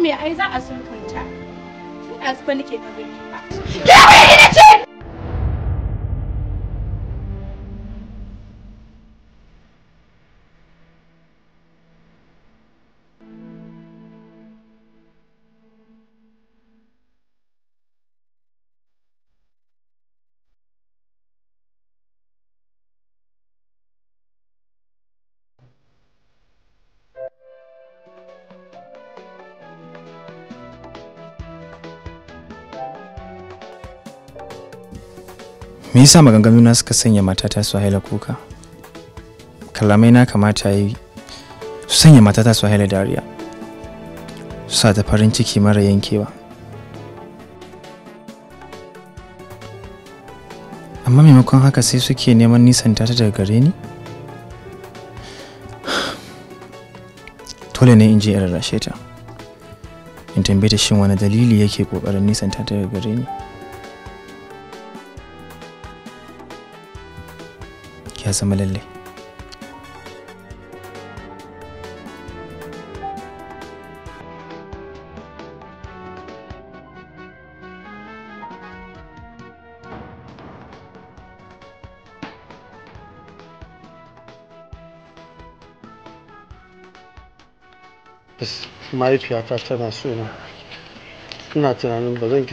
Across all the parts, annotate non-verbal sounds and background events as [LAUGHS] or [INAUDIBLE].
me ai za a sulhunta tun ɗazu nake da gani me yasa maganganu na suka sanya matata su haila kuka kalamai na kamata yi su sanya matata su haila dariya su sa ta farin ciki mara yankewa amma maimakon haka sai suke neman nisan ta daga gare ni [SIGHS] dole ne in je in rarrashe ta in tambaye ta shin wani dalili yake kokarin nisan ta daga gare ni ya zama lalle mahaifiyata tana so ina tunanin ba zan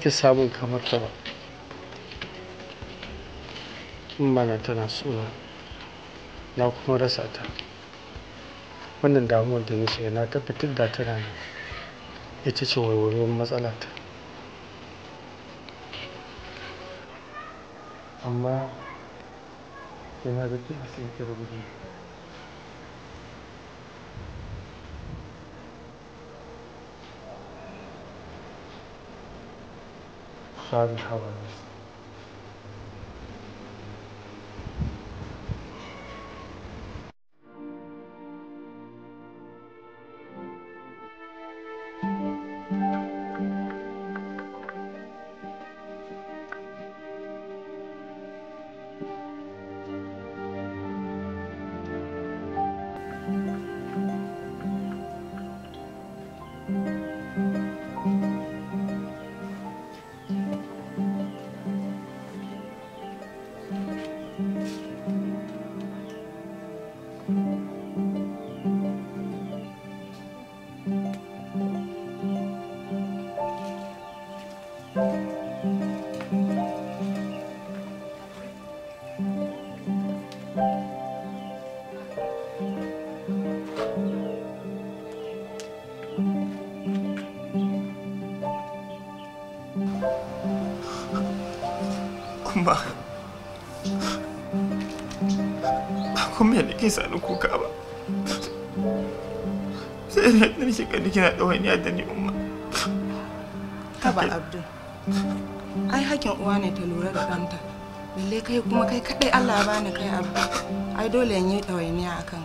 ki samun kamar ta ba in ba na tana so mm. na kuma rasa ta wannan damuwar da na na tabbatar da tana ne ita ce warwarwar ta amma yana da kina sai ki rubuta Schaden ba ba kuma yadda ke sani kuka ba sai da yadda nake kina ɗawainiya da ni umma taba abdul ai hakin uwa ne ta lura da ɗanta lalle kai kuma kai kaɗai allah ya bani kai abdul ai dole in yi ɗawainiya a ka.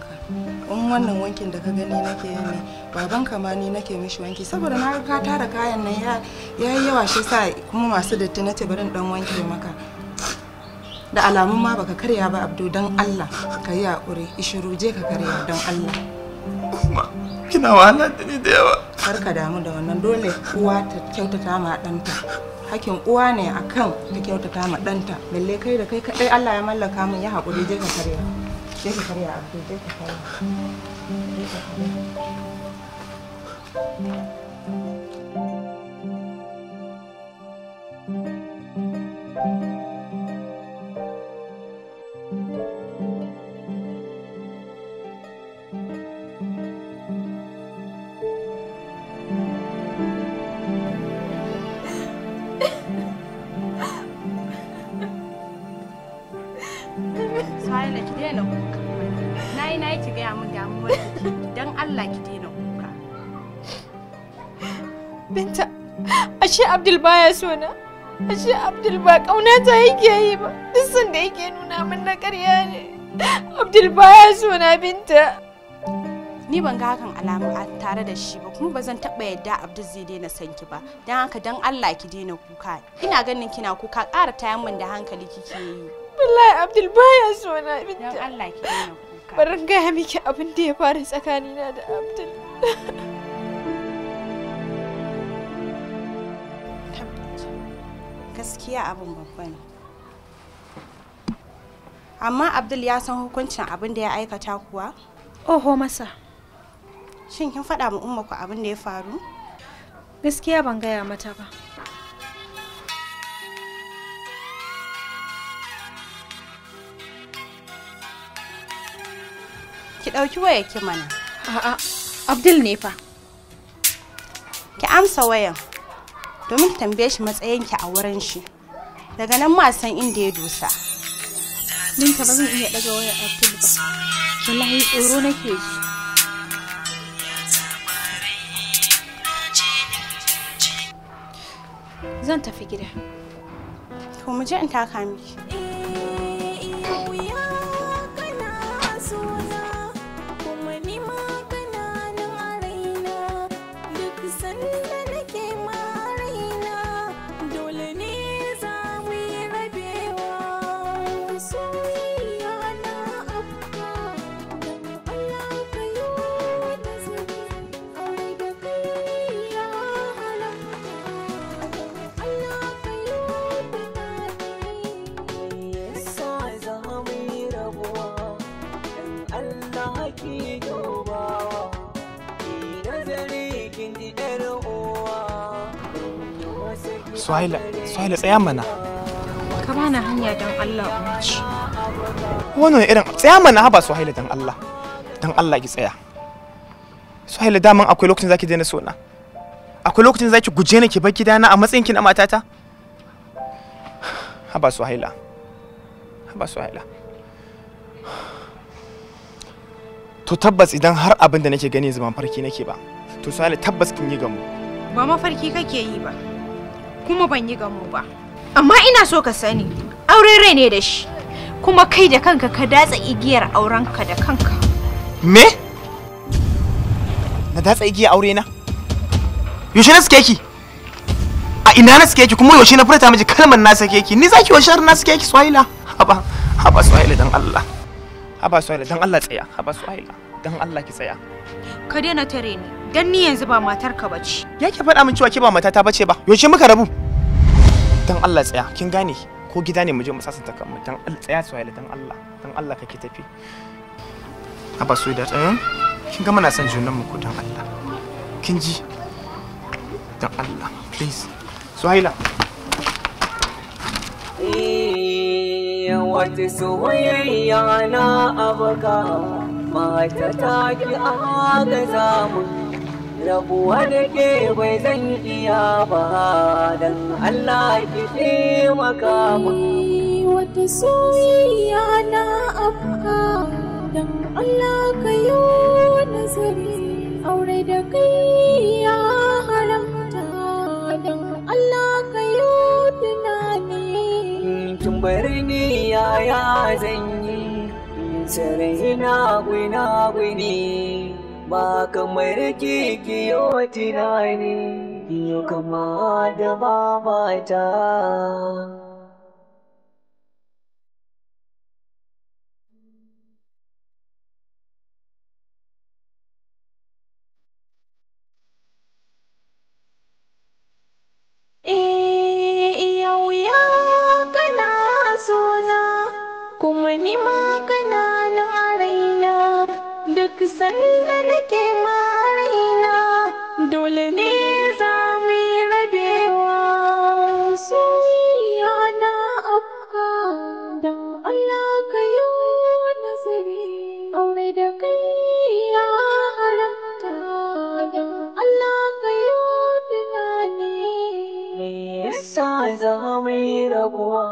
in wannan wankin da ka gani nake yi ne baban kama ni nake mishi wanki saboda na ka tara kayan nan ya yi yawa shi sa kuma masu datti na ce bari dan wanke maka da alamun ma baka karya ba abdu don allah ka yi haƙuri ishiru je ka karya don allah kuma kina wahala da ni da yawa kar ka damu da wannan dole uwa ta kyautata ma ɗanta hakin uwa ne akan ta kyautata ma ɗanta balle kai da kai kaɗai allah ya mallaka min ya haƙuri je ka karya je ka karya abdu je ka karya je ka karya ashe abdul baya so na ashe abdul ba kauna ta yake yi ba duk san da yake nuna min na ƙarya ne abdul baya so na binta ni ban ga hakan alamu a tare da shi ba kuma ba zan taɓa yadda abdul zai daina son ki ba don haka don allah ki daina kuka ina ganin kina kuka ƙara tayan min da hankali kike yi wallahi abdul baya so na binta don allah ki daina kuka in gaya miki abin da ya fara tsakanina da abdul [LAUGHS] gaskiya abin babba ne amma abdul ya san hukuncin abin da ya aikata kuwa oho masa shin kin faɗa mu umma ku abin da ya faru gaskiya ban gaya mata ba ki ɗauki waya ki mana a'a abdul ne fa ki amsa wayan domin tambaye shi matsayinki a wurin shi daga nan ma san inda ya dosa ninka ba zan iya daga wayar abdul ba wallahi tsoro nake ji zan tafi gida Ko mu je in taka miki Suhaila, Suhaila tsaya mana. Ka bani hanya don Allah umarci. Wannan irin tsaya mana haba Suhaila don Allah. Don Allah ki tsaya. Suhaila daman akwai lokacin zaki daina sona. Akwai lokacin zaki guje ni ki bar gidana a matsayin ki na matata. Haba Suhaila. Haba Suhaila. To tabbas idan har abin da nake gani zaman farki nake ba. To Suhaila tabbas kin yi gamu. Ba mafarki kake yi ba. kuma ban yi gamo ba amma ina so ka sani aure rai ne da shi kuma kai da kanka ka datsa igiyar aurenka da kanka me na datsa igiyar aure na yaushe na suke ki a ina na suke ki kuma yaushe na furta miji kalmar na suke ki ni zaki yaushe na suke ki swahila haba haba swahila dan Allah haba swahila dan Allah tsaya haba swahila dan Allah ki tsaya ka daina tare ni Dan ni yanzu ba matar ka bace. Ya ke faɗa min cewa ke ba matata bace ba. Yaushe muka rabu? Dan Allah tsaya, kin gane ko gida ne mu je mu sasanta kan dan Allah tsaya Suhaila dan Allah, dan Allah ki tafi. Aba su da tsayin eh? kin ga muna son junan mu ko dan Allah. Kin ji? Dan Allah, please. Suhaila. Eh, wata soyayya na abuka mata ta ki ga mun rabuwa da ke bai zan iya ba don Allah ki taimaka wata soyayya na afka don Allah ka yi nazari aure da kai ya haramta don Allah ka yi tunani tun bari ni yaya zan yi sarai na gwina gwini ba kamar kikiyo tunani yau kama da babata. E, kuma ni ma kana na raina duk sallah. ta zama rabuwa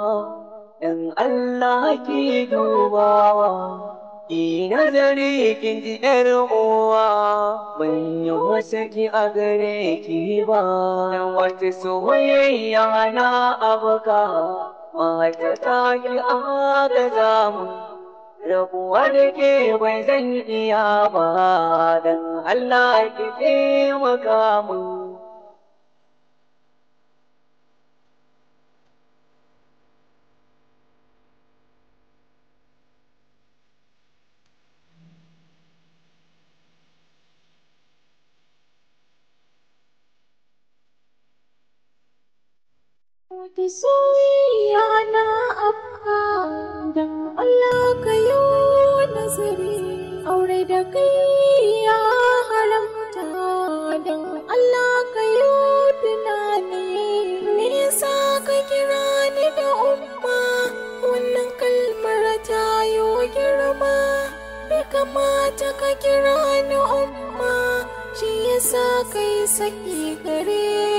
dan Allah ki dubawa ki nazari ki ji uwa ban yi wasu ki a gare ki ba dan wata soyayya na abuka mata ta ki aka zamu rabuwa da ke bai zan iya ba dan Allah ki taimaka mun soyayya na afka don Allah ka yi nazari aure da kai ya haramta don Allah ka tunani nisa ka kira ni da umma wannan kalmar ta yi girma bai kamata ka kira ni umma shi yasa kai saki gare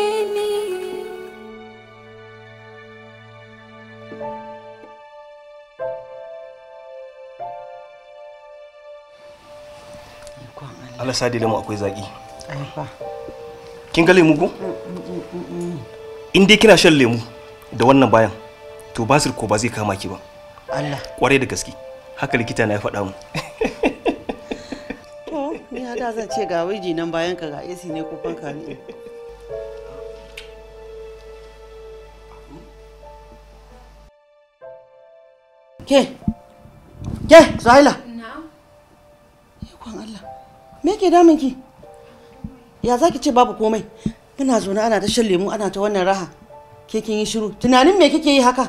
Allah sa da lemu akwai zaki. Kin ga lemu ko? Mm, mm, mm, In dai kina shan lemu da wannan bayan to basir ko ba zai kama ki ba. Allah. Kwarai da gaske. Haka likita na ya faɗa mu. To, [LAUGHS] oh, ni hada zan ce ga waje nan bayan ka ga AC ne ko fanka ne. Ke, ke, zaila me ke damun ki ya zaki ce babu komai muna zaune ana ta shan lemu ana ta wannan raha ke kin yi shiru tunanin me kike yi haka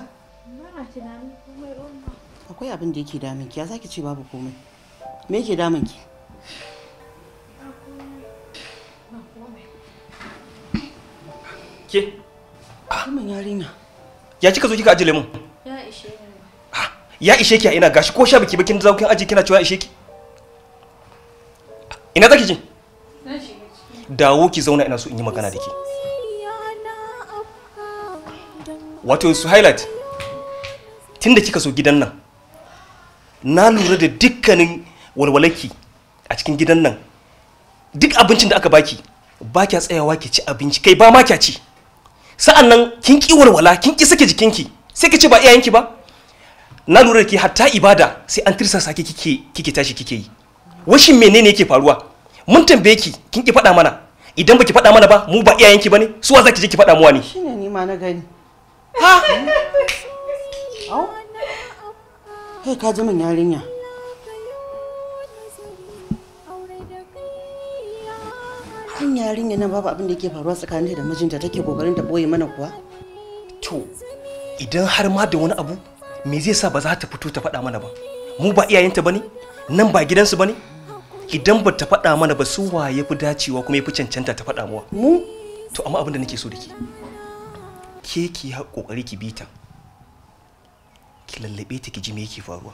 akwai abin da yake damun ki ya zaki ce babu komai me ke damun ki ke yarinya ya kika zo kika ajiye lemun ya ishe ah, ya ishe ki a ina gashi ko sha biki bakin zaukin aji kina cewa ishe ki ina zaki ji dawo ki zauna ina so in yi magana da ke wato su highlight tun da kika so gidan nan na lura da dukkanin walwalaki a cikin gidan nan duk abincin da aka baki ba kya tsayawa ki ci abinci kai ba ma kya ci sa'an nan kin ki walwala kin ki sake jikinki sai ki ci ba ki ba na lura da ke hatta ibada sai an tirsasa ki kike kike tashi kike yi washin menene yake faruwa mun tambaye ki kin ki faɗa mana idan baki faɗa mana ba mu ba iyayenki bane su wa zaki je ki faɗa mu wani shine ni ma na gani ha au kai ka ji min yarinya kun yarinya nan babu abin da yake faruwa tsakanin da mijinta take kokarin ta boye mana kuwa to idan har ma da wani abu me zai sa ba za ta fito ta faɗa mana ba mu ba iyayenta bane nan ba gidansu bane idan ba ta faɗa mana ba su waye fi dacewa kuma ya fi cancanta ta faɗa muwa mu to amma abin da nake so da ke ke ki ha kokari ki bita ki lallabe ta ki ji me yake faruwa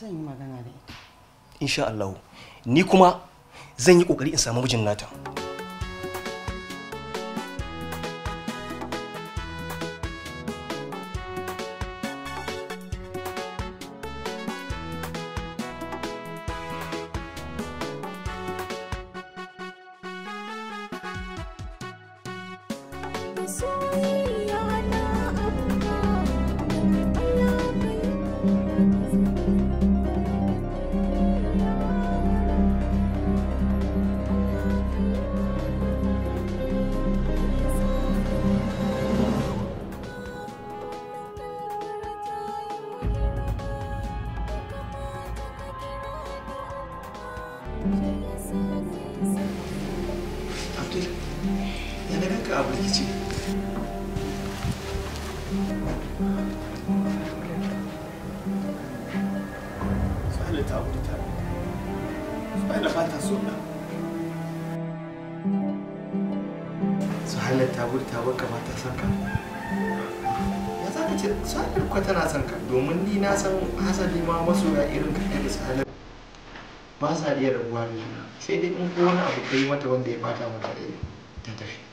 zan yi magana da ita insha Allah ni kuma zan yi ƙoƙari in samu mijin nata Abdul, ya na ganka a birkice sa'ila ta abu ta sa'ila ba ta so na ta abu ta baka ba ta son ka ya za ka ce sa'ila kwa tana son ka domin ni na san hasali ma masoya irin ka da sa'ila ba sa iya rabuwa da juna sai dai in ko wani abu kai mata wanda ya bata mata rai ta tafi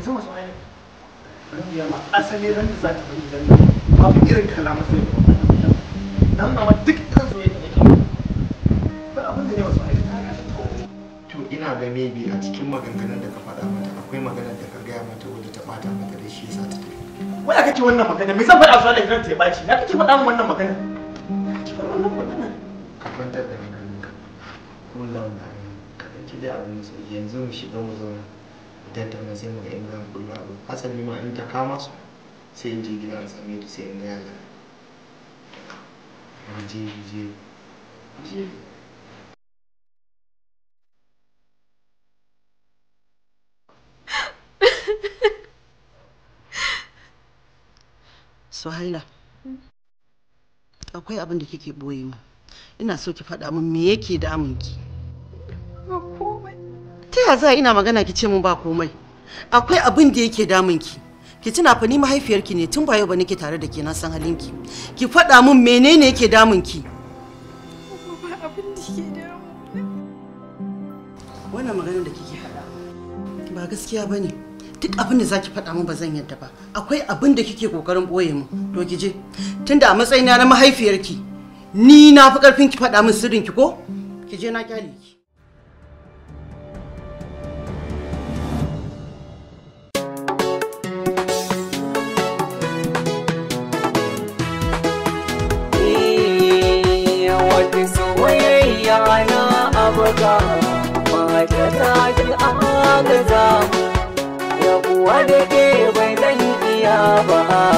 yanzu masu ayi rabiya ma asali ran da za ta bari gidan nan babu irin kalamar sai da wannan dan ma duk kan zo yadda nake ba abin da ne masu ayi to ina ga maybe a cikin maganganun da ka faɗa mata akwai maganar da ka gaya mata wadda ta bata mata da shi yasa ta tafi wai kake wannan magana me zan faɗa su da gidan ta ɓaci? baci na kake faɗa min wannan magana ki faɗa wannan magana ka kwantar da hankalinka kullum na ka ɗauki da abin yanzu mu shiga mu zauna tattauna sai mu ga in zamu bullo abin hasali ma in ta kama su sai in je gida in same da sai in ga ta mu je je [LAUGHS] Suhaila, akwai abin da kike boye mu. Ina so ki faɗa min me yake damunki. ki. kya za ina magana ki ce mun ba komai akwai abin da yake damun ki ki tuna fa ni mahaifiyarki ne tun ba yau ba nake tare da ke na san halinki ki faɗa min menene yake damun ki wannan magana da kike faɗa ba gaskiya ba duk abin da zaki faɗa min ba zan yadda ba akwai abin da kike kokarin ɓoye mu to ki je tunda a matsayina na mahaifiyarki ni na fi ƙarfin ki faɗa min ki ko ki je na kyale ki gaza ya kuwa da ke bai zan iya ba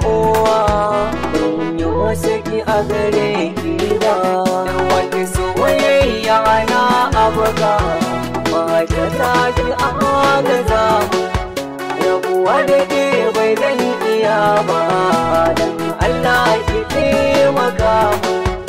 uwa ban yi a gare ki ba wata soyayya na abuga mata ta ji a gaza rabuwa da ke bai zan iya ba dan Allah ki taimaka mu